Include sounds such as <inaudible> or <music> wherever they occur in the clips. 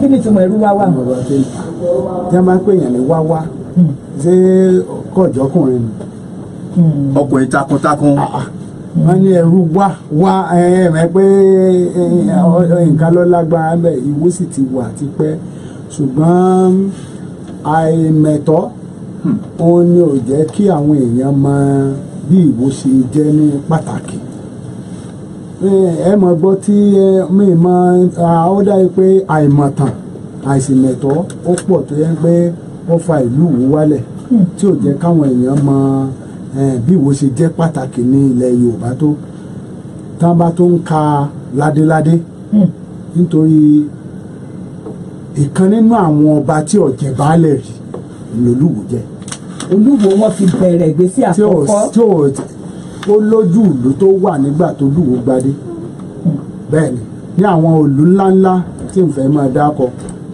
kí ni ìtumọ̀ ẹrú wáwá. tí a máa ń pè yàn ní wáwá hmm. ṣé kọjọkùnrin ni. Hmm. ọkùnrin takuntakun. Ah, ah. Hmm. wọ́n ní ẹrú wá wá ẹ̀ẹ́mẹ́ pé nǹkan ló lágbára bẹ́ẹ̀ ìwó sì ti wà tipẹ́ ṣùgbọ́n àìmẹ̀tọ́ òun ni ò jẹ́ kí àwọn èèyàn mọ bí ìwó ṣe jẹ́ ní pàtàkì ẹ mọ̀ gbọ́ tí mi mọ ó dá yìí pé àìmọ̀tàn àìsìmẹ̀tọ́ ó pọ̀ tó yẹ pé ó fa ìlú wù wálẹ̀ tí ò jẹ́ káwọn èèyàn mọ bí ìwo ṣe jẹ́ pàtàkì ní ilẹ̀ Yorùbá tó tán bá tó ń ka ládéládé nítorí ìkan nínú àwọn ọba tí ọ̀jẹ̀ baálẹ̀ rí lolúwo jẹ. Olúwo wọn fi bẹ̀rẹ̀ ìgbésí àkọ́kọ́ ó lójú ìlú tó wà nígbà tó dùwó gbadé bẹ́ẹ̀ ni ní àwọn òlú ńláńlá tí n fẹ́ máa dákọ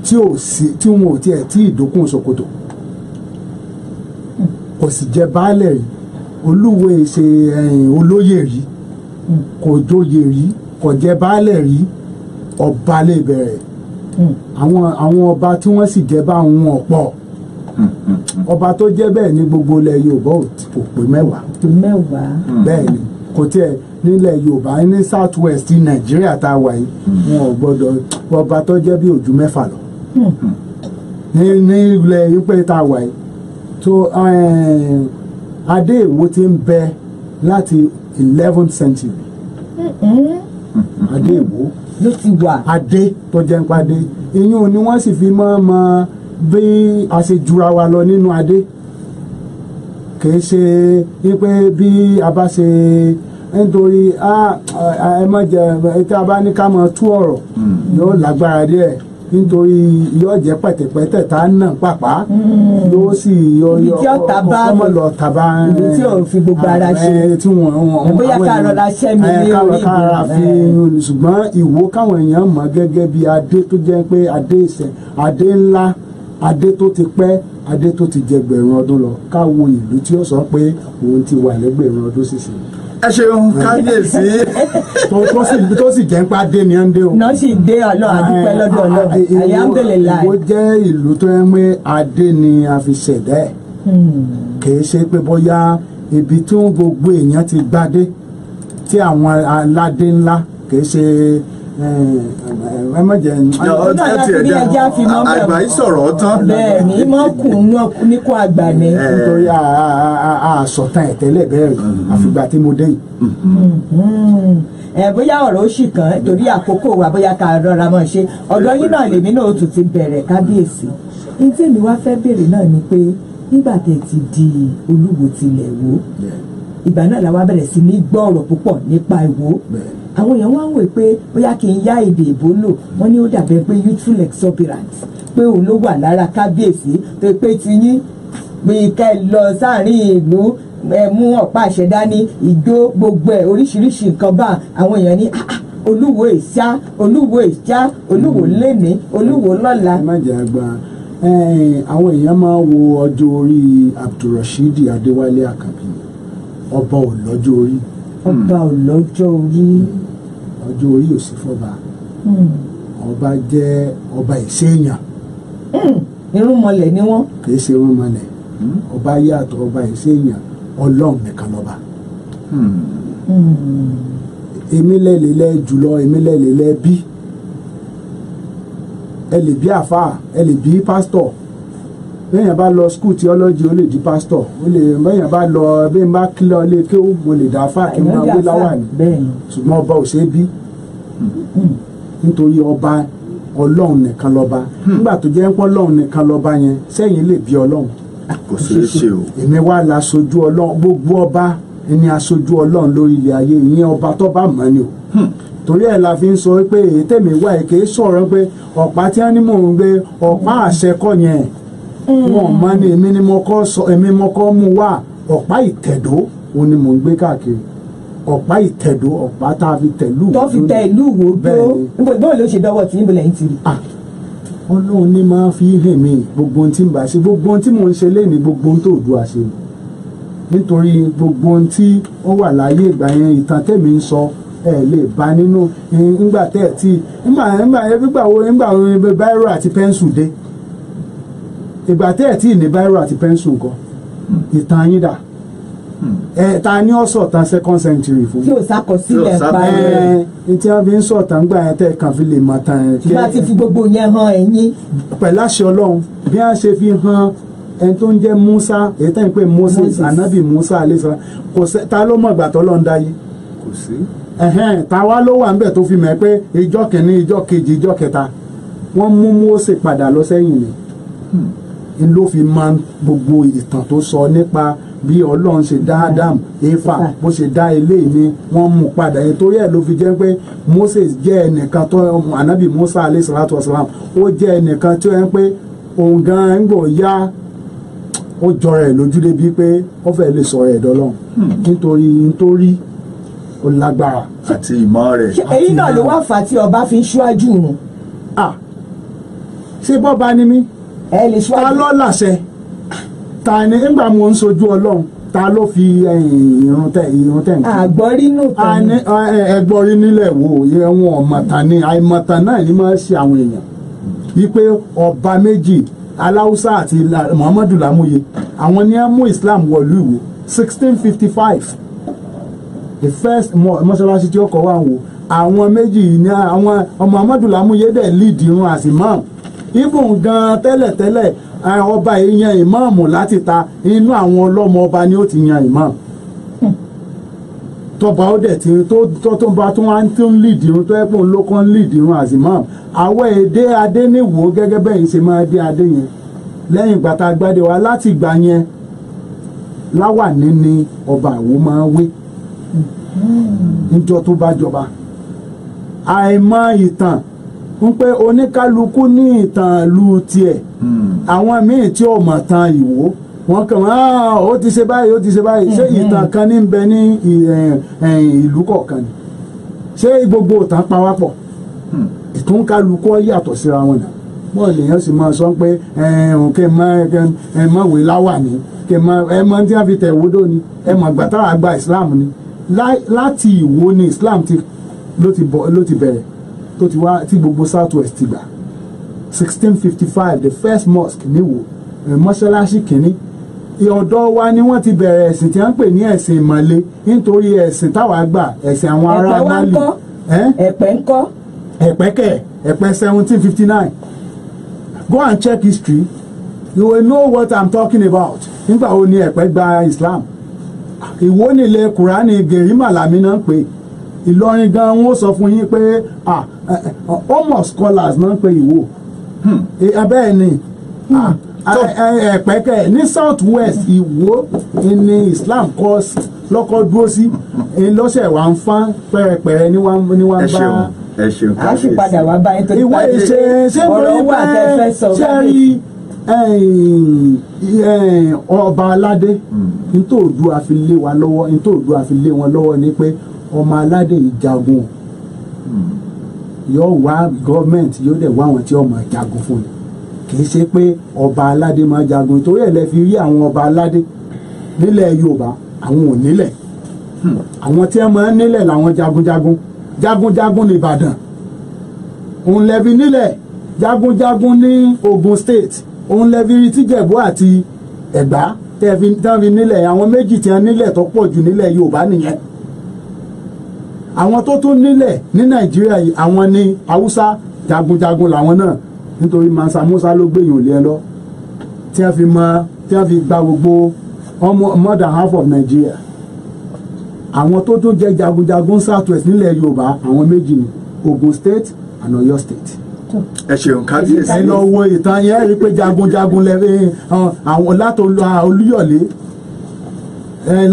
tí ò sí tí wọn ò tiẹ̀ tí ìdókùn ṣòkòtò kò sì jẹ baálẹ̀ rí olúwo ṣe olóyè rí kò joyè rí kò jẹ baálẹ̀ rí ọba lè bẹ̀rẹ̀ àwọn àwọn ọba tí wọ́n sì jẹ bá ọ̀pọ̀ ọba tó jẹ́ bẹ́ẹ̀ ní gbogbo ilẹ̀ Yorùbá ò pé mẹ́wàá. tó mẹ́wàá. Hmm. bẹ́ẹ̀ ni kò tiẹ̀ nílẹ̀ Yorùbá ní south west Nàìjíríà tá a wà yìí hmm. wọn ò gbọ́dọ̀ ọba tó jẹ́ bí ojú mẹ́fà lọ. Hmm. ní ilẹ̀ yìí tá a wà yìí tó eh, adé ìwó ti ń bẹ láti eleventh century mm-hmm. adé ìwó ló ti wà adé tó jẹ́ ń padé ìyún ni wọ́n sì fi máa máa bí a ṣe jura wa lọ nínú adé kìí ṣe wípé bí a bá ṣe nítorí ẹ mọ̀ jẹ tí a bá ní ká mọ̀ tú ọ̀rọ̀ hmm. yóò lágbára díẹ̀ nítorí yóò jẹ́ pẹ̀tẹ̀pẹ̀tẹ̀ tá a nà pàpà hmm. yóò sì yọ yọ ọmọ lọ tàbá ibi tí ò fi gbogbo ara ṣe tí wọn wọn bóyá ká rọra ṣẹ́ mi ní orí ìgbà ṣùgbọ́n ìwò káwọn èèyàn mọ̀ gẹ́gẹ́ bí adé tó jẹ́ pé adé ìṣẹ̀ adé ńlá adé tó ti pẹ́ adé tó ti jẹ gbẹ̀rún ọdún lọ ká wo ìlú tí ó sọ pé òun ti wà lẹ́gbẹ̀rún ọdún sísìn ẹ ṣeun kábíyèsí. <laughs> tó sì tó sì jẹ́ pé adé ni ẹ ń dé o. náà sì dé ọlọ́ àdúpẹ́ lọ́dọ̀ ọlọ́dẹ àyàmbẹ̀lẹ̀ láì. Ìwó jẹ́ ìlú tó ń pé adé ni a fi ṣẹ̀dá ẹ̀ hmm. kìí ṣe pé bóyá ibi tí gbogbo èèyàn ti gbadé tí àwọn aládé ńlá kìí ṣe ẹ má jẹ ẹja fi mọ bẹ́ẹ̀ àgbà yìí sọ̀rọ̀ tán. bẹ́ẹ̀ ni mọ kùn ní kó àgbà ni. nítorí àsọtán ẹ tẹ́lẹ̀ bẹ́ẹ̀ rí mm-hmm. àfìgbà tí mo dé yìí. Mm-hmm. ẹ bóyá ọ̀rọ̀ ó sì kàn torí àkókò wa bóyá ká rọra mọ̀ ṣe ọ̀dọ̀ yín náà lèmi náà ó tún ti bẹ̀rẹ̀ kábíyèsí. ní tí èmi wá fẹ́ béèrè náà ni pé nígbà tẹ̀ ti di Olúwo tilẹ̀ wò ìgbà náà làwa bẹ̀rẹ̀ sí ní gbọ́ ọ̀rọ̀ púpọ̀ nípa Ìwó. bẹ́ẹ̀ àwọn èèyàn wá ń wò pé bóyá kí n yá èdè ìbò lò wọ́n ní ó dàbẹ̀ pé youthful exuberant pé òun ló wà lára kábíyèsí tó pé ti yín pé ká ẹ lọ sáàrin ìlú ẹ mú ọ̀pá àṣẹ dání ìgbó gbogbo ẹ̀ oríṣiríṣi nǹkan bá àwọn èèyàn ní ah, ah, olúwo ìṣá olúwo ìṣá olúwo hmm. lẹ́ni olúwo lọ́la. ẹ má jẹ́ àgbà àwọn èèyàn máa wo ọjọ́ orí Abdulrasheed Adéwálé Àkàbí ọba ò lọ́jọ́ orí ọba ò lọ́jọ́ orí. ọjọ́ orí ò sí fọba hmm. ọba jẹ́ ọba ìṣèyàn. Hmm. irúnmọlẹ̀ ni wọ́n. kìí ṣe irúnmọlẹ̀ hmm. ọba yàtọ̀ ọba ìṣèyàn ọlọ́run nìkan lọ́ba. èmi lẹ́lẹ́lẹ́ jùlọ èmi lẹ́lẹ́lẹ́ bí ẹ lè bí àfáà ẹ lè bí pásítọ̀ bẹ́ẹ̀yàn bá lọ skul theology ó lè di pastor ó lè bẹ́ẹ̀yàn bá lọ bẹ́ẹ̀ bá kílọ̀ lé ké ó mo lè dáfà kí n máa wé láwà ní ṣùgbọ́n ọba ò ṣe é bí hmm. nítorí ọba ọlọ́run nìkan lọ́ba hmm. nígbà tó jẹ́ pọ́ ọlọ́run nìkan lọ́ba yẹn sẹ́yìn lè bí ọlọ́run kò ṣeé ṣe o èmi wá la sojú ọlọ́run gbogbo ọba ni aṣojú ọlọ́run lórí ilẹ̀ ayé ìyẹn ọba tó bá mọ̀ ni o hmm. torí ẹ̀ la fi ń sọ pé èyí tèmi wá èké sọ̀rọ̀ pé ọ̀pá tí wọ́n ní mò ń gbé ọ̀pá àṣẹ yẹn Mm. wọn mọ ni èmi ni mo kọ́ sọ èmi mo kọ́ mú wá ọ̀pá ìtẹ̀dó òun ni mò ń gbé káàkiri ọ̀pá ìtẹ̀dó ọ̀pá tá a fi tẹ̀lú tó fi tẹ ìlú wo dúró níbo ìbọn ló ṣe dọwọ́ tí níbo lẹ́yìn ti rí. ọlọ́run ní máa fi hàn mí gbogbo ohun tí mo bá ṣe gbogbo ohun tí mò ń ṣe léyìn gbogbo ohun tó dùn àṣẹ nítorí gbogbo ohun tí ó wà láyé ìgbà yẹn ìtàn tẹ̀mí ń sọ ẹ lè bá nínú ńgbà tẹ̀ tí ńgbà ńgbà ńgbà wo ńgbà wo báírò àti pẹ́ńsù dé ìgbà tẹ́ ẹ̀ tí ì ní bírò àti pẹ́ńsù nǹkan ìtàn yín dà hmm. ẹ ta ni ọ sọ̀tàn second century fún. tí o ṣàkọsílẹ̀ pa ẹ. ẹ tí wọ́n fi ń sọ̀tàn gbà yẹn tẹ̀ kàn fi lè mọ̀ tàn yẹn. bá a ti fi gbogbo yẹn hàn ẹ̀yìn. pẹ̀lú àṣẹ ọlọ́run bí wọ́n ṣe fi hàn ẹni tó ń jẹ́ Musa èyí tẹ̀ ń pè Moses anabi Musa alẹ́sà kò sẹ́ ta ló mọ̀ ìgbà tọ́lọ́ ń dáyé. kò sí. ta wá ló wà níbẹ̀ tó fi mọ̀ pé ìjọ kìíní ìjọ kejì ìjọ kẹta wọ́n mú Mose padà lọ sẹ́yìn ni. Hmm ló fi mọ gbogbo ìtàn tó sọ nípa bí ọlọ́run ṣe dá Adam Éfà bó ṣe dá ilé ni wọ́n mú padà yẹn torí ẹ̀ ló fi jẹ́ pé Moses jẹ́ ẹnìkan tó anabi Musa alayhi salatu wa salam ó jẹ́ ẹnìkan tó yẹ pé òun gan-an ń gbọ̀ yá ó jọra ẹ̀ lójú débi pé ó fẹ́ lè sọ̀rọ̀ ẹ̀dọ́ lọ́hùn hmm. nítorí nítorí ó lágbára. àti ìmọ̀ rẹ̀. èyí náà ló wá fà á tí ọba fi ń ṣíwájú rùn. ṣé bọ́ba ni mí ẹ lè ṣíwájú. ta ló làṣẹ ta ni ńgbà mo ń sojú ọlọ́run ta ló fi irun eh, tẹ irun tẹ nǹkan. àgbọ̀rí nù tán. ẹgbọ́rí nílẹ̀ wo ẹ̀wọ̀n ọ̀mọ̀ta ni àìmọ̀ta náà ni máa ń ṣe àwọn èèyàn wípé ọba méjì aláùsá àti muhammadu lamuye àwọn ni á mú islam wọ̀lú ìwò sixteen fifty five the first mọ́ṣáláṣí tí ó kọ́ wà wò àwọn méjì ni àwọn muhammadu lamuye dẹ̀ lead irun as imam ibùn gan tẹ́lẹ̀tẹ́lẹ̀ eh, ọba èèyàn ìmáàmù láti ta inú àwọn ọlọ́mọ ọba ni ó ti yan ìmáàmù tọba ó dẹ̀ ti tó tó bá tó wá tó ń lead irun tó yẹ pé òun ló kàn ń lead irun as imam àwọ̀ èdè adé níwò gẹ́gẹ́ bẹ́yìn ṣe máa dé adé yẹn lẹ́yìn ìgbà tá a gbádé wa láti ìgbà yẹn láwà níní ọba àwo máa wé níjọ́ tó bá jọba àìmọ̀ ìtàn ń pé oníkálukú ní ìtàn ìlú tiẹ̀ hmm. àwọn míì tí ò mọ̀ tán ìwò wọ́n kàn án ah, ó ti ṣe báyìí ó ti ṣe báyìí ṣé hmm, hmm, ìtàn kan ní bẹ ní eh, eh, ìlú kọ̀ọ̀kan ni ṣé gbogbo ìtàn pa wá pọ̀ ìtúnkálukú yàtọ̀ síra wọn náà bọ́ọ̀ lèèyàn sì máa sọ pé eh, kí ẹ má ẹ má wé láwà ni kí ẹ má ẹ má tí wọ́n fi tẹ̀ wódò ni ẹ má gbàtàrà gba Islam ni láti ìwó ni Islam ló ti bẹ̀rẹ̀ tó ti wá tí gbogbo south west ti gbà sixteen fifty five the first mosque ní Ìwó mọ́ṣáláṣí kìíní ọ̀dọ̀ wa ni wọ́n ti bẹ̀rẹ̀ ẹ̀sìn tí wọ́n ń pè ní ẹ̀sìn ìmọ̀le nítorí ẹ̀sìn táwa gbà ẹ̀sìn àwọn ará Mali ẹ̀pẹ̀ ń kọ́ ẹ̀pẹ̀ kẹ̀ ẹ̀pẹ̀ seventeen fifty nine go and check history you will know what i'm talking about nígbà wo ni ẹ̀pẹ̀ gba Islam Ìwó nílẹ̀ Kùránì gèrímà làmínà ń pè Ìlọrin gan wọn sọ fún yín pé homo scholars náà ń pe Ìwó hmm. bẹ́ẹ̀ ni hmm. ẹ̀pẹ́kẹ́ ní south west Ìwó ni Islam kọ́ lọ́kọ́ dúró sí hmm. lọ́sẹ̀ wà ń fán pẹ́rẹpẹ̀rẹ ní wà ń bá ẹ ṣeun kábíyèsí. a sì padà wá bá nítorí pé ọ̀rọ̀ wà tẹ́fẹ́ sọ báyìí. ọba aládé ntòòdù àfi àfi lé wọn lọ́wọ́ ni pé ọmọ aládé yìí jagun hmm. yóò wá gọ́ọ̀mẹ̀ntì yóò dẹ̀ wá àwọn tí ọmọ jagun fún ni kì í ṣe pé ọba aládé máa jagun torí ẹ̀ lẹ fi rí àwọn ọba aládé nílẹ̀ Yorùbá àwọn ò nílẹ̀ hmm. àwọn tí wọ́n máa ń nílẹ̀ làwọn jagunjagun jagunjagun ní Ìbàdàn òun lẹ́bi nílẹ̀ jagunjagun ní Ogun State òun lẹ́bi rí tíjẹ̀bú àti Ẹ̀gbá tẹ́ẹ̀ fi nílẹ̀ àwọn méjì tí wọ́n nílẹ̀ tó pọ̀ jù nílẹ̀ Yorùbá nìyẹn àwọn tó tún nílẹ̀ ní nàìjíríà yìí àwọn ni haúsá jagunjagun làwọn náà nítorí mansa musa ló gbé yòó lé ẹ lọ tí wọ́n fi mọ tí wọ́n fi gba gbogbo more than half of nigeria àwọn tó tún jẹ́ jagunjagun Southwest west nílẹ̀ yorùbá àwọn méjì ni ogun state and oyo state ẹ ṣeun kábíyèsí ẹ lọ wo ìtàn yẹn rí i pé jagunjagun lẹ àwọn látò olúyọ̀lé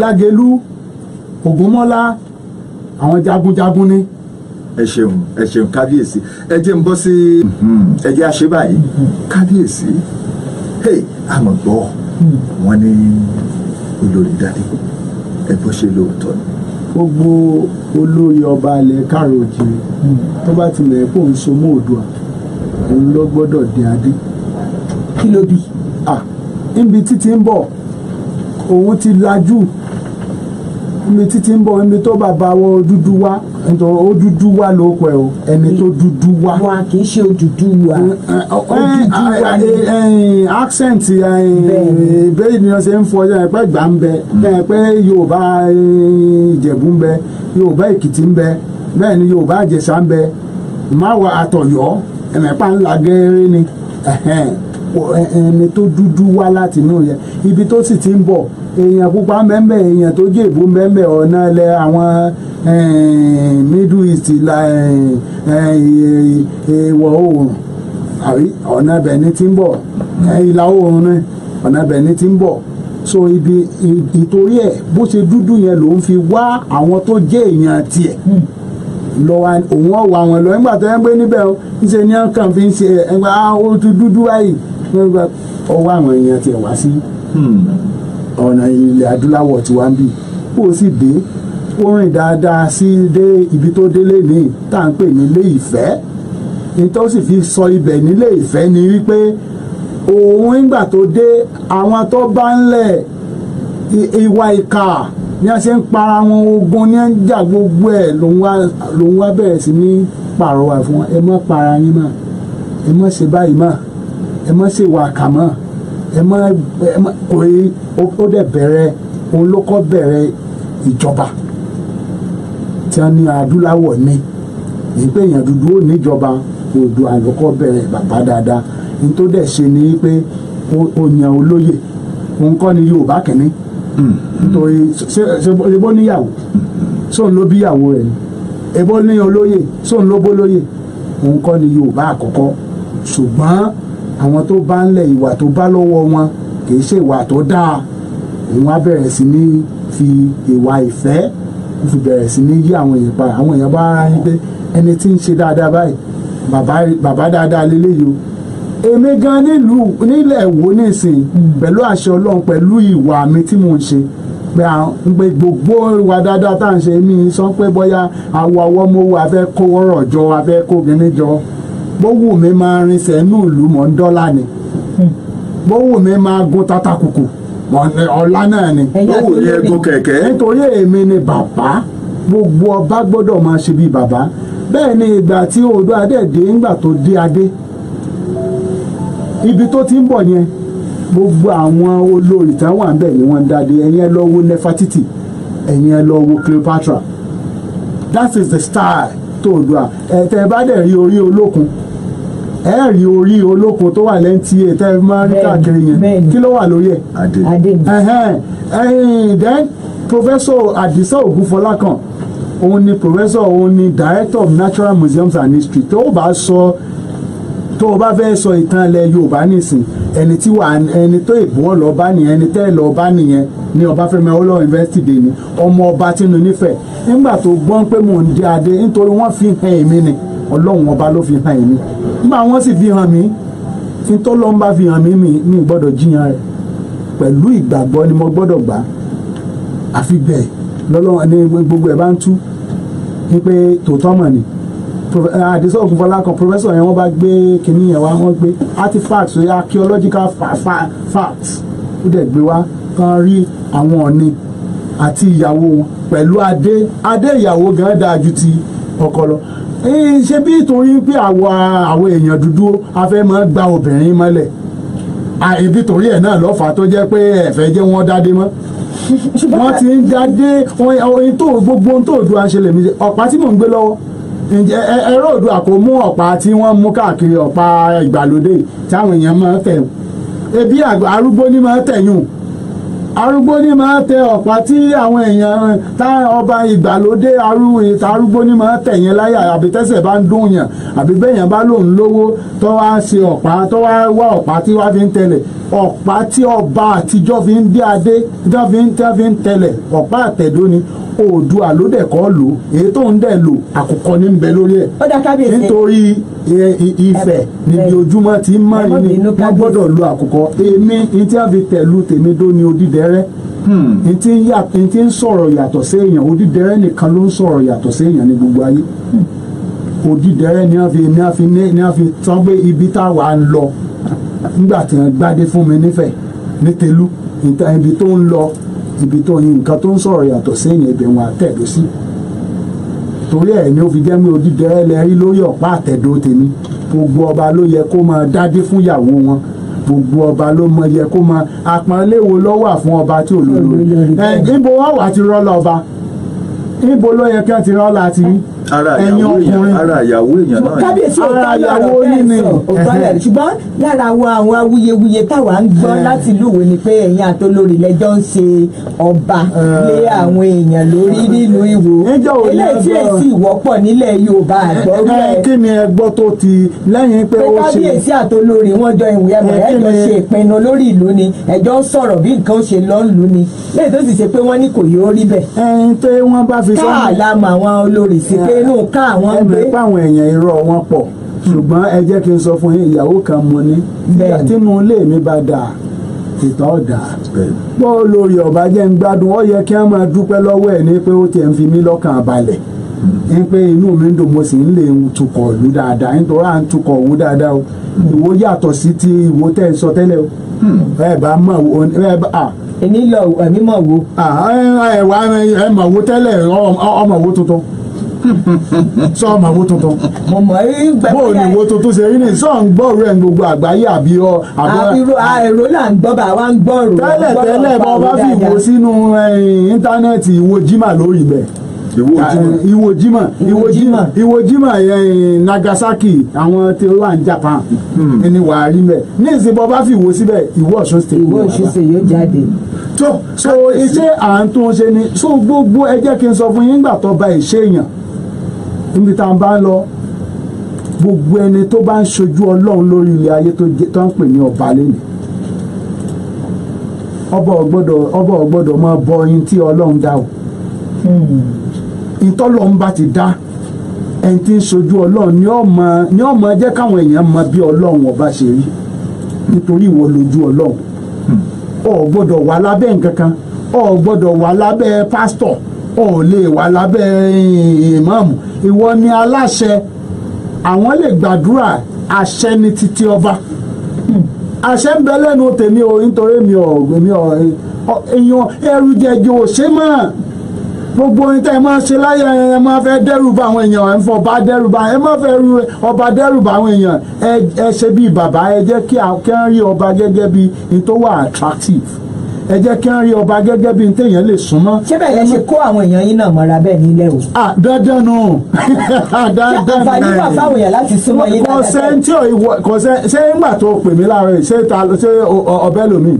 lágẹlú ògúnmọ́lá àwọn jagunjagun ni. ẹ ṣeun ẹ ṣeun kábíyèsí ẹ jẹ́ ń bọ́ sí mhm. ẹ jẹ́ àṣẹ báyìí mhm. kábíyèsí àmọ̀ gbọ́ mhm. wọn ní olórí dáadé ẹ bọ́ ṣe lóòótọ́ ni gbogbo olóyè ọba alẹ káàrọ̀ òjìrì tó bá tilẹ̀ kó ń so mọ́ Oòduà òun ló gbọ́dọ̀ dé adé. kí ló bí. níbi títí ń bọ̀ òun ti lajú ẹni títí ń bọ̀ ẹni tó bàbá wọ dúdú wá ẹ̀tọ́ ó dúdú wá ló pẹ̀ o ẹni tó dúdú wá. wa kì í ṣe òdúdú wa accent bẹ́ẹ̀ ni wọ́n ṣe ń fọ ẹ̀pẹ́ gbà ń bẹ hmm. ẹ̀pẹ́ Yorùbá Ìjẹ̀bú ń bẹ Yorùbá Èkìtì ń bẹ bẹ́ẹ̀ ni Yorùbá Àjẹsà ń bẹ máwa àtọ̀yọ́ ẹ̀mẹ̀pá ńlá gẹ́rẹ́ ni ẹni tó dúdú wá láti inú yẹn ibi tó sì ti ń bọ̀ èèyàn pupa mẹ́mẹ́ èèyàn tó jèbú mẹ́mẹ́ ọ̀nà ilẹ̀ àwọn eh, middle east eh, eh, ìwọ̀ oòrùn àbí ọ̀nà bẹ̀ni tí ń bọ̀ ìlà oòrùn ni ọ̀nà bẹ̀ni tí ń bọ̀ so ibi ìtorí ẹ̀ bó ṣe dúdú yẹn ló ń fi wá àwọn tó jẹ́ èèyàn tiẹ̀ lọ́wọ́ òun ọ̀wọ́ àwọn lọ nígbà tó yẹn gbé níbẹ̀ ńṣe ni wọ́n kàn fi ń ṣe ẹgbẹ́ ó ti dúdú báyìí ọwọ́ àwọn èèyàn tiẹ̀ wá sí hmm ọ̀nà ilẹ̀ adúláwọ̀ tí wàá ń bì ó sì dé ó rìn dáadáa sí dé ibi tó délé ní tá à ń pè ní ilé ìfẹ́ nítorí ó sì fi sọ ibẹ̀ nílé ìfẹ́ ni wípé òun ìgbà tó dé àwọn tó bá ń lẹ̀ ìwà ìkà ni a ṣe ń para wọn ogun ní jà gbogbo ẹ̀ lòun wá bẹ̀rẹ̀ sí ní pàrọwà fún ẹ mọ́ para yín mọ́ ẹ mọ́ ṣe báyìí mọ́ ẹ mọ́ ṣèwà kà mọ́ ẹ má ẹ má kò í ó dẹ̀ bẹ̀rẹ̀ òun ló kọ́ bẹ̀rẹ̀ ìjọba tí a ní adúláwọ̀ ní ìpè èèyàn dúdú ó níjọba Oòduà ló kọ́ bẹ̀rẹ̀ bàbá dáadáa ní tó dẹ̀ ṣe ni pé ó yan olóyè òun kọ́ ni Yorùbá kìíní hmm. nítorí ṣebó níyàwó sóun ló bíyàwó rẹ̀ ni ẹbọ ní olóyè sóun ló bólóyè òun kọ́ ni Yorùbá àkọ́kọ́ ṣùgbọ́n àwọn tó bá ń lẹ̀ ìwà tó bá lọ́wọ́ wọn kì í ṣe ìwà tó dáa òun á bẹ̀rẹ̀ sí ní fi ìwà ìfẹ́ ó fi bẹ̀rẹ̀ sí ní yí àwọn èèyàn padà àwọn èèyàn bá ara yín pé ẹni tí ń ṣe dáadáa báyìí bàbá dáadáa lélẹ́yìí o èmi gan nílùú nílẹ̀ èwo nísìn hmm. pẹ̀lú àṣẹ ọlọ́run pẹ̀lú ìwà mi tí mò ń ṣe pé pé gbogbo ìwà dáadáa tá à ń ṣe mí sọ pé bóyá awọ awọ mo wà fẹ́ kó wọ́rọ̀ jọ a kó gíní jọ bówù mi máa rinṣẹ́ inú ìlú mọ̀ ń dọ́là ni hmm. bówù mi máa gun tatakùkù ọ̀la náà ni bówù mi gun kẹ̀kẹ́. nítorí èmi ni bàbá gbogbo ọba gbọ́dọ̀ máa ṣe bí bàbá bẹ́ẹ̀ ni ìgbà tí odò adẹ́dé ńgbà tó dé adé ibi tó ti ń bọ̀ yẹn gbogbo àwọn olórí tá wà ń bẹ̀ ni wọ́n ń dáadé ẹ̀yin ẹ lọ wo Nefertiti Cleopatra that is the style tó odò à ẹ̀ tẹ́ ẹ bá dẹ̀ rí orí olókun ẹ rí orí olóko tó wà lẹ́ǹtì ẹ̀ tẹ́ máa rí káàkiri yẹn kí ló wà lórí ẹ̀. adéyìn then professor Adisa Ogunfọlákan òun ni professor òun ni director of natural museums and history tó bá sọ tó o bá fẹ́ sọ ìtàn ilẹ̀ Yorùbá nìsín ẹni tí wà ẹni tó ìbò ọ̀lọ́ bá nìyẹn ẹni tẹ́ lọ bá nìyẹn ni Ọbáfẹ́mi Awólọ́wọ̀ University dè ní ọmọ ọba tínú nífẹ̀ẹ́ nígbà tó gbọ́n pé mò ń dé adé nítorí wọ́n fi hàn èmi ni Ọlọ́run ọba ló fi hàn èmi nígbà wọ́n sì fi hàn mí tí tọ́lọ́n bá fi hàn mí mi gbọ́dọ̀ jiyàn rẹ̀ pẹ̀lú ìgbàgbọ́ ni mo gbọ́dọ̀ gbà àfi bẹ́ẹ̀ lọ́lọ́run ní gbogbo ẹ̀ bá ń tú ní pé tòótọ́ mọ̀ ni eh, àdìsọ́ ògùnfọlá kan professor yẹn wọ́n bá gbé kínní yẹn wá wọ́n gbé artifacts archaeological facts ó dẹ̀ gbé wá kan rí àwọn ọ̀ni àti ìyàwó wọn pẹ̀lú adé adé ìyàwó gan dáa ju ti ọkọ lọ Eh, ṣe bí torí pé àwa àwọn èèyàn dúdú afẹ́ máa gba obìnrin mọ́lẹ̀ àìbí torí ẹ̀ náà lọ́fà tó jẹ́ pé ẹ̀fẹ́ jẹ́ wọ́n dádé mọ́ wọ́n ti ń dádé ohun tó gbogbo ohun tó dùn àṣẹ lèmi ọ̀pá tí mò ń gbé lọ́wọ́ ẹ̀rọ òdùà kò mú ọ̀pá tí wọ́n mú káàkiri ọ̀pá ìgbàlódé táwọn èèyàn máa ń tẹ̀ ebi arúgbó ni máa ń tẹ̀yùn arúgbó ni máa tẹ ọ̀pá tí àwọn èèyàn tá ọba ìgbàlódé arúgbó ni máa tẹ̀ yẹn láyà àbí tẹ́sẹ̀ bá ń dùn yàn àbí bẹ́yàn bá lòun lówó tó wá ṣe ọ̀pá tó wá wá ọ̀pá tí wá fi ń tẹ̀lẹ̀ ọ̀pá tí ọba àtijọ́ fi ń dé adé tí wọ́n fi ń tẹ̀lẹ̀ ọ̀pá àtẹ̀dó ni oòdùà ló dẹ̀ kọ́ lò èyí tó ń dẹ̀ lò àkùkọ ní bẹ lórí ẹ̀. ó dá kábíyèsí. nítorí ìfẹ́ níbi ojúmọ́ ti ń márìn ni wọ́n gbọ́dọ̀ lo àkùkọ èmi ní tí a fi tẹ̀lú tèmi dó ni odídẹrẹ́ hmm. n ti ń sọ̀rọ̀ yàtọ̀ sí èèyàn odídẹrẹ́ nìkan ló ń sọ̀rọ̀ yàtọ̀ sí èèyàn ní gbogbo ayé odídẹrẹ́ ni a fi ni a fi ni a fi tán pé ibi tá a wà ń lọ nígbà tí wọ́n gbádé fún mi nífẹ̀ẹ́ ní tẹ̀lú ibi tó ń lọ ibi tó ní nǹkan tó ń sọ̀rọ̀ yàtọ̀ sẹ́yìn ẹ̀bẹ̀ wọn àtẹ̀dó sí torí ẹ̀ ni ó fi jẹ́ mi odídẹ ẹlẹ́rí lórí ọ̀pá àtẹ̀dó tèmi gbogbo ọba ló yẹ kó máa dádé fún ìyàwó wọn gbogbo ọba ló mọ yẹ kó máa àpọ́nléwo ló wà fún ọba tí olólo ẹ̀ níbo wà wà ti rọ́lọ́ ọba níbo ló yẹ kí wọ́n ti rọ́lá ti yín ara ìyàwó èèyàn ara ìyàwó èèyàn náà ni. kábíyèsí ọ̀tá ìyàwó yín ni ọ̀tọ́lẹ̀ ṣùgbọ́n lára wa àwọn awuyewuye táwa ń gbọ́ láti ìlú Ìwó ni pé ẹ̀yin àtolórí lẹ́jọ́ ń ṣe ọba lé àwọn èèyàn lórí nílùú Ìwó eléyìí tí èsì ìwọ́pọ̀ nílẹ̀ Yorùbá àgbọ̀rọ̀ ẹ̀. kí ni ẹ tó ti lẹ́yìn pé ó ṣe. kábíyèsí àtolórí wọn jọ ìwé ẹ̀mọ̀ ẹ̀jọ́ ṣe ìpinnu lórí ìlú ni ẹ̀jọ́ sọ̀rọ̀ bí nǹkan ṣe lọ ìlú ni lẹ́yìn tó sì ṣe pé wọ́n ní kò yóò rí bẹ́ẹ̀. ẹyin tí wọ́n bá fi sọ́nà. káà la àwọn olórí sí pé inú ká àwọn gbé. ẹgbẹ́ pàwọn èèyàn irọ́ wọn pọ̀ hmm. ṣùgbọ́n ẹ jẹ́ kí n sọ fún yín ìyàwó kan mo ní tínú ilé mi bá dáa ìtàn ọ̀dà bó lórí ọ̀bá jẹ́ ń gbádùn ó yẹ kí a máa dúpẹ́ lọ́wọ́ ẹ̀ ní pé ó tiẹ̀ ń fi mí lọ́kàn balẹ̀ hmm. ní pé inú mi ń dùn mo sì ń lè tukọ̀ ìlú dáadáa nítorí à ń tukọ̀ òun dáadáa o hmm. ìwò yàtọ̀ sí ti ìwò tẹ́ ń sọ tẹ́lẹ̀ o ẹ bá mọ̀ o ẹ bá. èmi lọ ẹ̀mí mọ̀ wo. ẹ wà ẹ mọ̀ wo tẹ́lẹ̀ ọmọ wo tuntun sọ ọmọ owó tuntun. mo mọ ẹ ń gbẹ bóyá bóyá ìwọ tuntun ṣe rí ni sọ ń gbọ́ rẹ̀ ń gbogbo àgbáyé àbí ọ. àbúrò èrò là ń gbọ́ bá wa ń gbọ́ rò. tẹ́lẹ̀ tẹ́lẹ̀ bọ́ bá fi ìwo sínú íńtánẹ́ẹ̀tì ìwo jimá lórí bẹ̀ ìwo jimá ìwo jimá ìwo jimá Nagasaki àwọn tí ó wà ní Japan hmm. ni wàá rí mẹ ní ìsìn bọ́ bá fi ìwo síbẹ̀ ìwọ Ọ̀ṣun ṣe ìwọ Ọ̀ṣun ṣe yóò jáde so iṣẹ́ à ń tún ṣe ni so gbogbo ẹ jẹ́ kí n sọ fún yín gbà tó ba ìṣe èèyàn níbi tá à ń bá ń lọ gbogbo ẹni tó bá ń ṣojú ọlọ́run lórí ilé ayé tó ń pè ní ọba lẹ́nu ọba ọgbọ́dọ̀ ọba ọgbọ́dọ̀ máa bọ ẹyin tí ọlọ́run dá o ìtọ́lọ́run hmm. bá ti dá ẹni tí ń ṣojú ọlọ́run ni ọmọ ni ọmọ jẹ́ káwọn èèyàn mọ bí ọlọ́run ọba ṣe rí nítorí ìwọ lójú ọlọ́run o hmm. gbọ́dọ̀ wà lábẹ́ nǹkan kan o gbọ́dọ̀ wà lábẹ́ pásítọ̀ ò lè wà lábẹ́ ìmáàmù ìwọ ni aláṣẹ àwọn lè gbàdúrà àṣẹ ni títí ọba àṣẹ ń bẹ lẹ́nu tèmi o nítorí mi ò mi ò èèyàn ẹrù jẹjẹ ò ṣe mọ́ gbogbo ohun tẹ́ ẹ máa ṣe láyé ẹ máa fẹ́ dẹ́rù bá àwọn èèyàn ẹ ń fọ ọba dẹ́rù bá ẹ máa fẹ́ ru ọba dẹ́rù bá àwọn èèyàn ẹ ṣe bíi bàbá ẹ jẹ́ kí a kẹ́ ń rí ọba gẹ́gẹ́ bíi ní tó wà attractive ẹ jẹ́ kí wọ́n rí ọba gẹ́gẹ́ bí n téèyàn lè súnmọ́. ṣé bẹ́ẹ̀ lẹ ṣe kó àwọn èèyàn yín náà mọ́ra bẹ́ẹ̀ nílẹ̀ o. ah dandan nù dandan nù. àǹfààní wà fáwọn èèyàn láti súnmọ́ yín dáadáa. kò sẹ́ tí ìwọ kò sẹ́ ṣé ńgbà tó pè mí láàárọ̀ ṣé ta ṣé ọbẹ̀ lomi.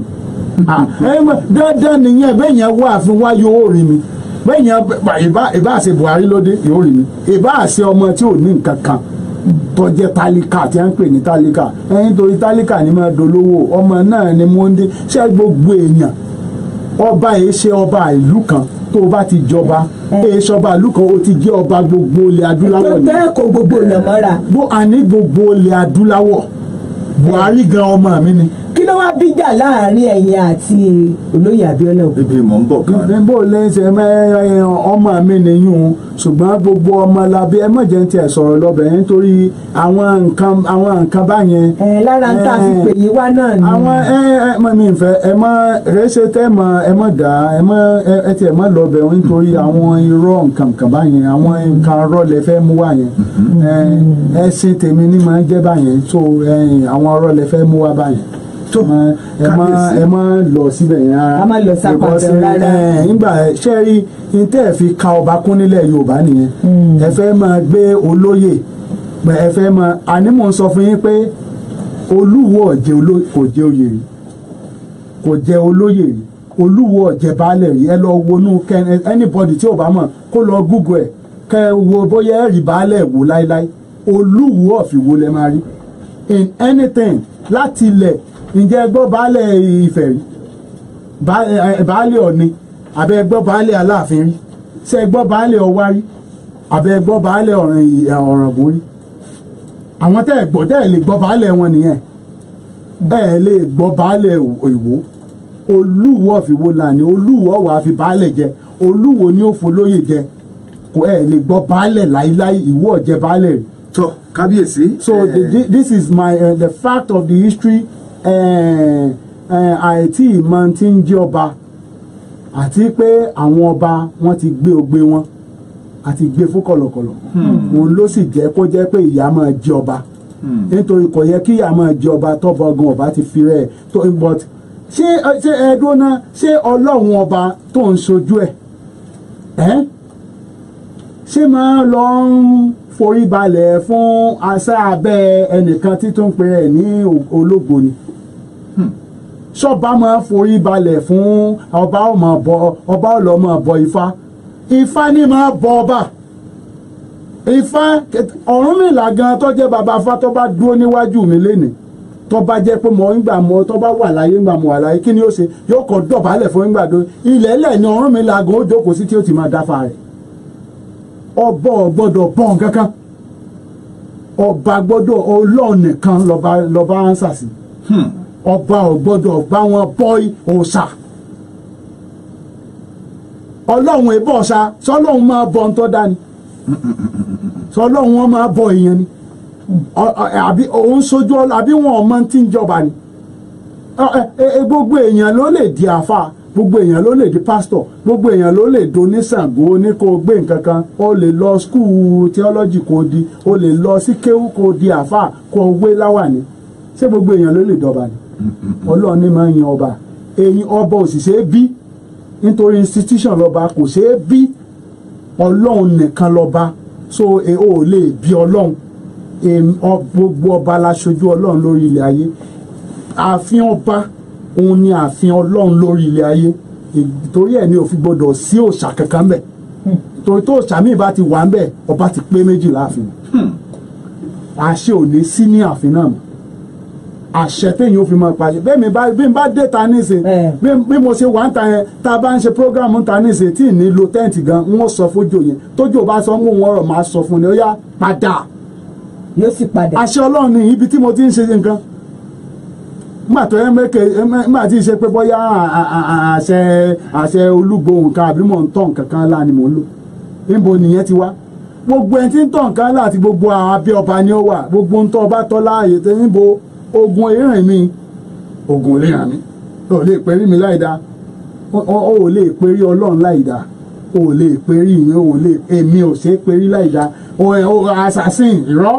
dandan nìyẹn bẹ́ẹ̀ yẹn wà fún wáyé owó rí mi bẹ́ẹ̀ yẹn ìbá àṣẹ Buhari lóde yóò rí mi ìbá àṣẹ ọmọ tí ò ní nǹkan kan tó jẹ́ tálíkà tí a ń pè ní tálíkà ẹyin torí tálíkà ni máa dolówó ọmọ náà ni mo ń dé ṣé gbogbo èèyàn ọba yìí ṣe ọba ìlú kan tó o bá ti jọba èyí ṣọba ìlú kan o ti jẹ́ ọba gbogbo ilẹ̀ adúláwọ̀ ni. bẹ́ẹ̀ kó gbogbo èèyàn mọ́ra. bó a ní gbogbo ilẹ̀ adúláwọ̀ Buhari gan ọmọ mi ni kí ló wá bí jà láàrin ẹ̀yin àti olóyè Abíọ́lá Ògúngbẹ̀mí. ibi mò ń bọ̀ kan. bó o lẹ́yìn sẹ́ ọmọ mi nìyún ṣùgbọ́n gbogbo ọmọ labẹ́ ẹ mọ̀jẹ̀ ń tiẹ̀ sọ̀rọ̀ lọ́bẹ̀ nítorí àwọn nǹkan àwọn nǹkan báyẹn. ẹ lára ń tà sí pé yìí wá náà ni. àwọn ẹ ẹ mọ mi nfẹ ẹ mọ rẹṣẹ tẹ mọ ẹ mọ dà ẹ mọ ẹ tiẹ̀ mọ lọ́bẹ̀ nítorí àwọn irọ́ nǹkan nǹkan báyẹn àwọn nǹkan rọlẹ̀ fẹ́ mú wá yẹn mm-hmm. ẹ̀sìn tèmi ni màá jẹ́ báyẹn tó àwọn rọlẹ̀ fẹ́ mú wá báyẹn ẹ má ẹ má lọ síbẹ̀ yẹn rárá a má lọ sápàtẹ rárá nígbà ṣe rí ntẹ́ ẹ̀ fi ka ọba kún nílẹ̀ Yorùbá nìyẹn hmm. ẹ fẹ́ máa gbé olóyè ẹ fẹ́ máa àní mò ń sọ fún yín pé Olúwo ọ̀jẹ̀ kò jẹ́ oyè rí kò jẹ́ olóyè rí Olúwo ọ̀jẹ̀ baálẹ̀ rí ẹ lọ wọnú anybody tí ò bá mọ̀ kó lọ Google ẹ̀ kẹ́ wo bóyá ẹ̀rì baálẹ̀ wò láéláé Olúwo ọ̀fìwo lẹ máa rí in anything láti ilẹ̀ ǹjẹ́ gbọ́ baálẹ̀ Ifẹ̀ rí baálẹ̀ Ọ̀ni àbẹ́ gbọ́ baálẹ̀ Aláàfin rí ṣe gbọ́ baálẹ̀ Ọ̀wá rí àbẹ́ gbọ́ baálẹ̀ Ọ̀ràngún rí àwọn tẹ́ ẹ̀ gbọ́ tẹ́ ẹ̀ lè gbọ́ baálẹ̀ wọn nìyẹn ẹ̀ lè gbọ́ baálẹ̀ Ìwó olúwo fi wo lànà olúwo wàá fi baálẹ̀ jẹ olúwo ni ó folóyè jẹ kò ẹ̀ lè gbọ́ baálẹ̀ láíláí ìwọ ọ̀jẹ̀ baálẹ̀ rí. tọ kábíyèsí. so eh. the, this is my uh, the fact of the history Eh, eh, àìtí ìmọ̀ tí ń jẹ́ ọba àti pé àwọn ọba wọn ti gbé ogbe wọn àti gbé fún kọ̀lọ̀kọ̀lọ̀ hmm. òun ló sì jẹ́ kó jẹ́ pé ìyá máa jẹ ọba hmm. nítorí kò yẹ kí ìyá máa jẹ ọba tọ́ba ọgàn ọba ti fi rẹ̀ tó but ṣé ṣé ẹdún náà ṣé ọlọ́run ọba tó ń ṣojú ẹ̀ ṣé máa lọ forí balẹ̀ fún asá abẹ́ ẹnìkan tí tó ń ẹ̀ ní ológo ni hmm. ṣọba máa forí balẹ̀ fún ọba ọmọ bọ ọba ọlọ máa bọ ifá ifá ni máa bọ ọba ifá Ọ̀rúnmìlà gan tó jẹ́ bàbá afá tó bá dúró níwájú mi lénìí tó bá jẹ́ pé mo ńgbà mo tó bá wà láyé ńgbà mo wà láyé kí ni ó ṣe yóò kọ́ dọ̀bálẹ̀ fún ńgbà ilẹ̀ ẹlẹ́ ni Ọ̀rúnmìlà gan ó jókòó sí tí ó ti máa dáfa rẹ̀ ọba ò gbọ́dọ̀ bọ nǹkan kan ọba gbọ́dọ̀ Ọlọ́run nìkan lọba lọba ánsà sí hmm. ọba ò gbọ́dọ̀ bá wọn bọ òòṣà Ọlọ́run èbọ ọṣà sọlọrun máa bọ ntọ dání sọlọrun wọn máa bọ èèyàn ni àbí òun sojú ọlọ àbí wọn ọmọ tí ń jọba ni gbogbo èèyàn ló lè di àáfàá gbogbo èèyàn ló lè di pásítọ̀ gbogbo èèyàn ló lè doní Ṣàngó ní kó o gbé nǹkan kan o lè lọ skul theology kó o di o lè lọ sí kéwú kó o di àfà kó o wé láwàní ṣé gbogbo èèyàn ló lè dọba ni <laughs> Ọlọ́run ni máa ń yan ọba ẹ̀yin ọba ò sì ṣe é bí nítorí institution lọ́ba kò ṣe é bí Ọlọ́run nìkan lọ́ba so e, o lè bí Ọlọ́run gbogbo ọba la ṣojú Ọlọ́run lórí ilẹ̀ ayé ààfin ọba òun ni ààfin ọlọ́run lórí ilẹ̀ ayé torí ẹ̀ ni ò fi gbọdọ̀ sí òòṣà kankan bẹ̀ hmm. torí tó òòṣà míì bá ti wà ń bẹ̀ ọba ti pé méjì láàfin hmm. àṣẹ ò ní sí ní ààfin náà mọ́ àṣẹ téèyàn ò fi máa pàṣẹ bẹ́ẹ̀ mi bá bí mi bá dé ta nísìn eh. bí mo ṣe wà ń ta yẹn tá a bá ń ṣe prógrámù ń ta nísìn tí ì ní lo tẹ́ǹtì gan n ó sọ fójò yẹn tójò bá sọ mú wọn ọ̀rọ̀ máa sọ fún ni ó yá padà yóò sì padà àṣẹ ọlọ́run ni ibi tí mo ti ń ṣe nǹkan nígbà tó nígbà tí ṣe pé bóyá àṣẹ àṣẹ olúgbòhùn kan àbí mò ń tọ̀ nǹkan kan lá ni mò ń lò níbo nìyẹn ti wá gbogbo ẹni tí ń tọ̀ nǹkan lá àti gbogbo àwọn abẹ́ ọba ni ó wà gbogbo ń tọ́ ọba tọ́ láàyè tó níbo ogun ìrìn mi ogun ìrìn mi ò lè pè rí mi láì dá ò lè pè rí ọlọ́run láì dá ò lè pè rí ìyẹn ò lè èmi ò ṣe pè rí láì dá assassin irọ́.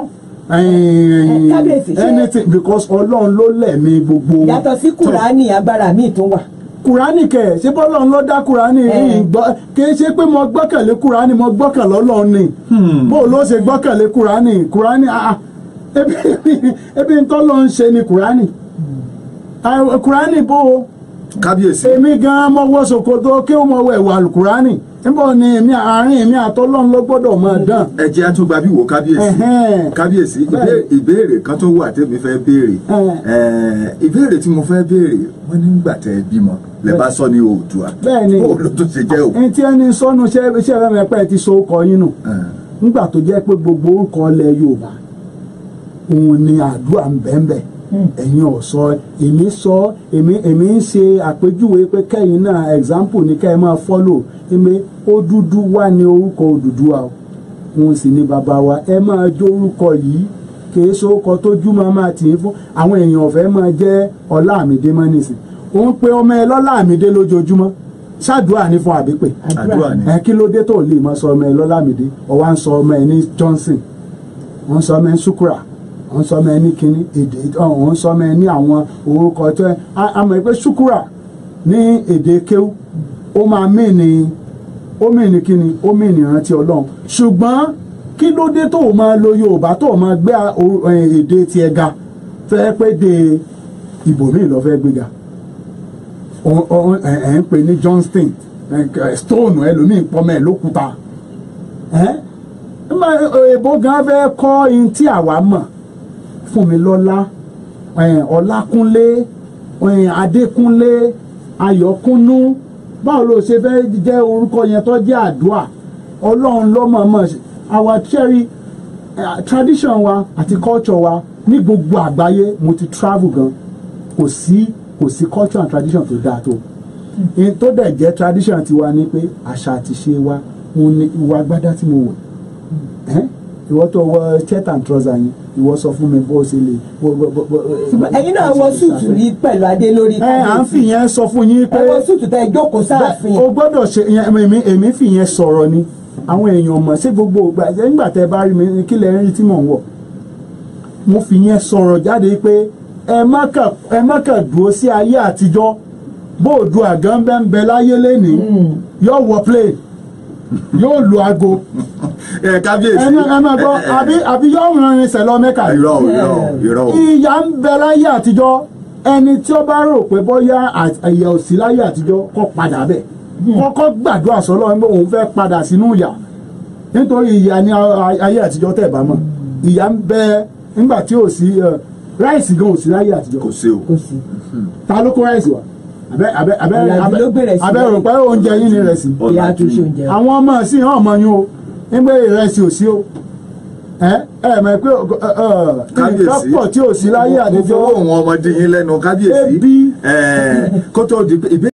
anything because ọlọ́run ló lẹ̀mí gbogbo. yàtọ̀ sí kùránì agbára míì tó wà kùránì kẹ ṣé bọ́lọ́run ló dá kùránì yìí gbọ́ kì í ṣe pé mo gbọ́kànlé kùránì mo gbọ́kànlé ọlọ́run ni hmm. bó ló ṣe gbọ́kànlé kùránì kùránì ah, ah. ebi ntọ́ <laughs> ló ń ṣe ni kùránì hmm. ah, kùránì bó kábíyèsí. èmi gan-an mo wọ ṣòkòtò kí o mọ wọ ẹ̀wà alukurani níbo ni èmi àárín èmi àtọ́lọ́run ló gbọ́dọ̀ máa dán. ẹ jẹ́ àtúgbà bí wò kábíyèsí kábíyèsí ìbéèrè kan tó wà tèmi fẹ́ béèrè ìbéèrè tí mo fẹ́ béèrè wọ́n nígbà tẹ́ ẹ bímọ lẹ bá sọ ní oòdùà bóò ló tó ṣe jẹ́ o. ẹni tí ẹni sọnù ṣe iṣẹ́ rẹ̀ mẹ́pẹ́ ti so ọkọ̀ yín nù nígbà tó jẹ́ pé gbogbo orúkọ ilẹ̀ Yorùbá òun ni àdúrà ń bẹ́ẹ̀ bẹ́ẹ̀ ẹ̀yin ò sọ èmi sọ èmi èmi ń ṣe àpèjúwe pé kẹ́yìn náà example ni kẹ́ ẹ máa follow èmi ó dúdú wá ní orúkọ Odùduwà òun sì ni bàbá wa ẹ máa jó orúkọ yìí kìí sókọ tójú máa máa tì í fún àwọn èèyàn ọ̀fẹ́ máa jẹ́ Ọlámídé mọ́ nísìn òun pé ọmọ ẹ lọ́lámídé lójoojúmọ́ ṣáàdúrà ní fún àbípè ẹ kí ló dé tó lè mọ sọ ọmọ ẹ lọ́lámídé ọ̀wá ń sọ ọmọ ẹ ní Johnson wọ́n sọ ọmọ ẹ ń Sukura ò ń sọmọ ẹni kínní èdè ò ń sọmọ ẹni àwọn orúkọ tó ẹ àmọ́ pé ṣúkúrà ní èdè kéwú ó máa mí ni ó mí ni kínní ó mí ni ìrántí ọlọ́run ṣùgbọ́n kí ló dé tó o máa lo yorùbá tó o máa gbé èdè tiẹ̀ ga fẹ́ pé de ibòmíì lọ fẹ́ gbéga ẹ̀ ń pè ní Johnston stone ẹlòmíì pọ́nmọ́ ẹ̀ lókúta ẹ̀ ń bá èbó gan fẹ́ kọ́ in tí àwa mọ̀ Fúnmilọ́lá eh, Ọlákúnlé eh, Adékúnlé Ayọ̀kúnnú báwo ló ṣe fẹ́ jẹ́ orúkọ yẹn tó jẹ́ àdúà ọlọ́run lọ́mọọmọ our cherry eh, tradition wa àti culture wa ní gbogbo àgbáyé mo ti travel gan kò sí kò sí culture and tradition tó dáa tó in tó dẹ̀ jẹ́ tradition tiwa ni pé àṣà àti ṣe wa mo ní ìwà agbádá tí mo wọ̀ ìwọ tó wọ shirt and trouser yẹn ìwọ sọ fún mi bó ṣe lè. Eh, ẹ̀yin náà wọ súùtù yìí pẹ̀lú adé lórí. ẹ eh, à ń fi yẹn sọ fún yín pé. ẹ wọ súùtù tẹ jókòó sáàfin. o gbọ́dọ̀ ṣe èmi èmi fi yẹn sọ̀rọ̀ ni àwọn èèyàn mọ̀ sí gbogbo ìgbà nígbà tẹ bá rí mi kí lẹ rí tí mò ń wọ̀ mo fi yẹn sọ̀rọ̀ jáde pé ẹ má kà dúró sí ayé àtijọ́ bóòdù àgán bẹ́ẹ̀ ń bẹ láyé lénìí hmm. yóò wọ plane yóò lu aago Eh, eh, kábíyèsí. ẹ máa gbọ́ eh, àbí àbí yóò ràn irinṣẹ́ lọ mẹ́ka. irọ́ irọ́ irọ́. ìyà ń bẹ láyé àtijọ́ ẹni tí ó bá rò pé bóyá ìyà ò sí láyé àtijọ́ kó padà bẹ̀ hmm. kọ́kọ́ gbàdúrà sọ́lọ́ ẹ̀ òun fẹ́ padà sínú ìyà nítorí ìyà ní ayé àtijọ́ tẹ̀ bá mọ̀ ìyà ń bẹ nígbà tí ò sí ráìsì gan ò láyé àtijọ́ kò sí o hmm. ta ló kó ráìsì wá abẹ abẹ abẹ abẹ rò pé oúnjẹ yín ni rẹ̀ sí àwọn ọmọ sí hàn mọ́ yín o nígbà ìrẹsì ò sí o ẹ ẹ mọ̀ pé kábíyèsí pọ̀ tí ò sí láyé àdéjọ́. mo fọwọ́ òun ọmọdé yín lẹ́nu kábíyèsí kó tó di